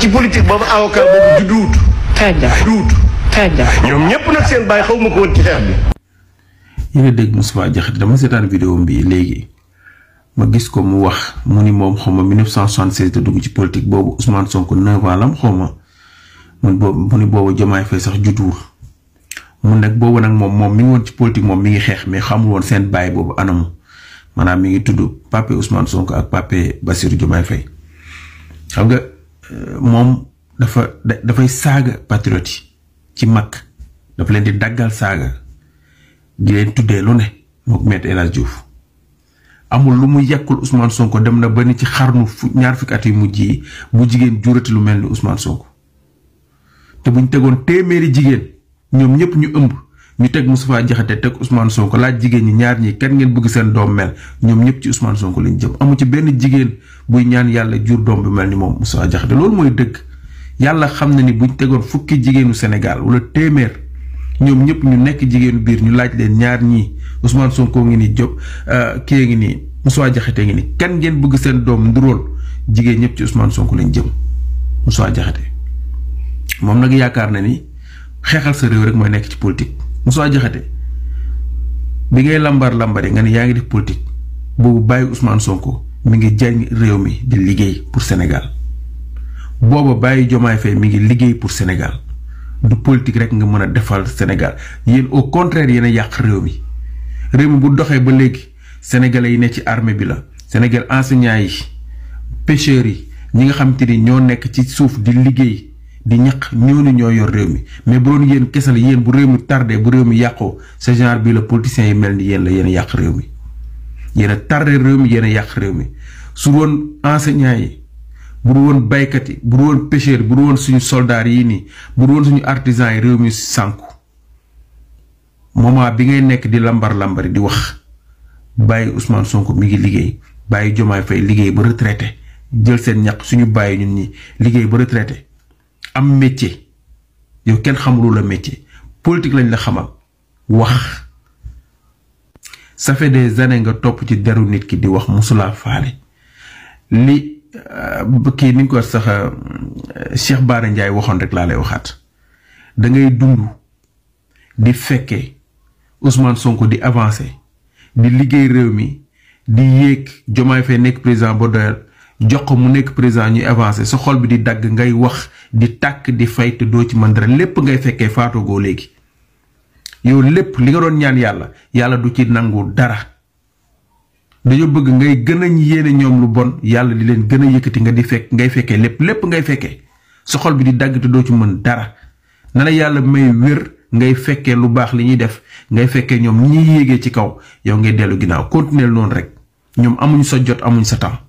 ci politique boobu avocat boobu judduwut. judduwut. ñoom ñëpp nag seen bàyyi xaw ma ko ci xeex bi. ñu ngi dégg Moustapha Diakhaté dama seetaan vidéo bi léegi ma gis ko mu wax mu ni moom xaw ma 1976 te dugg ci politique boobu Ousmane Sonko 9 ans la am xaw mu ni boobu Diomaye Faye sax judduwul mu nekk boobu nag moom moom mi ngi woon ci politique moom mi ngi xeex mi xamul woon seen bàyyi boobu anamu maanaam mi ngi tudd Pape Ousmane sonk ak Pape Bassirou Diomaye Faye xam nga. moom dafa dafay saaga patriote yi ci mag dafa leen di daggal saaga di leen tuddee lu ne mook Maître El amul lu mu yàqul Ousmane Sonko dem na ba ni ci xarnu fu ñaar fukki at yu mujj yi bu jigéen jurati lu mel ni Ousmane Sonko te buñ tegoon téeméeri jigéen ñoom ñëpp ñu ëmb ñu teg Moustapha Diakhaté teg Ousmane Sonko laaj jigéen ñi ñaar ñii kenn bëgg seen doom mel ñoom ñëpp ci Ousmane Sonko lañ jëm amu ci benn jigéen buy ñaan yàlla jur doom bi mel ni moom Moustapha Diakhaté loolu mooy dëgg yàlla xam na ni buñ tegoon fukki jigéenu Sénégal wala téeméer ñoom ñëpp ñu nekk jigéenu biir ñu laaj leen ñaar ñii Ousmane Sonko ngi ni Diop euh, kii ngi nii Moustapha Diakhaté ngi kenn ngeen bëgg seen doom nduróol jigéen ñëpp ci Ousmane Sonko lañ jëm Moustapha Diakhaté moom nag yaakaar na ni xeexal sa réew rek mooy nekk ci politique Moussa Diakhaté bi ngay lambar lambari nga ne yaa ngi def politique boobu bàyyi Ousmane Sonko mi ngi jariñ réew mi di liggéey pour Sénégal booba bàyyi Jomaay Faye mi ngi liggéey pour Sénégal du politique rek nga mën a defal Sénégal yéen au contraire yéen a yàq réew mi réew mi bu doxee ba léegi sénégalais yi ne ci armée bi la Sénégal enseignants yi pêcheurs yi ñi nga xam te ni ñoo nekk ci suuf di liggéey. di ñaq ñooñu ñoo yor réew mi mais bu doon yéen kese la yéen bu réew mi tardé bu réew mi yàqoo ce genre bii la politiciens yi mel ni yéen la yéen yàq réew mi yéen a tardé réew mi yéen yàq réew mi su woon enseignants yi bu du woon yi bu du woon bu du suñu soldaar yi nii bu du woon suñu artisans yi réew mi sànku moment bi ngay nekk di lambar lambari di wax bàyyi Ousmane Sonko mi ngi liggéey bàyyi Jomaay Fay liggéey ba retraité jël seen ñaq suñu bàyyi ñun ñi liggéey ba retraité am métier yow kenn xamuloo la métier politique lañ la xamal wax ça fait des années nga topp ci deru nit ki di wax mosulaa faale li euh, kii ni ko sax euh, Cheikh Bara Ndiaye waxoon rek laa lay waxaat da ngay dund di fekkee Ousmane Sonko di avancé di liggéey réew mi di yéeg Diomaye Faye nekk président ba doyal jox ko mu nekk président ñu avancé sa xol bi di dagg ngay wax di tàkk di fay te doo ci mën dara lépp ngay fekkee faatoogoo léegi yow lépp li nga doon ñaan yàlla yàlla du ci nangu dara dañoo bëgg ngay gën a ñoom lu bon yàlla di leen gën a yëkkati nga di fekk ngay fekkee lépp lépp ngay fekkee sa bi di dagg te doo ci mën dara na la yàlla may wér ngay fekkee lu baax li ñuy def ngay fekkee ñoom ñi ñuy yéegee ci kaw yow ngay dellu ginnaaw continuer noonu rek ñoom amuñ sa jot amuñ sa temps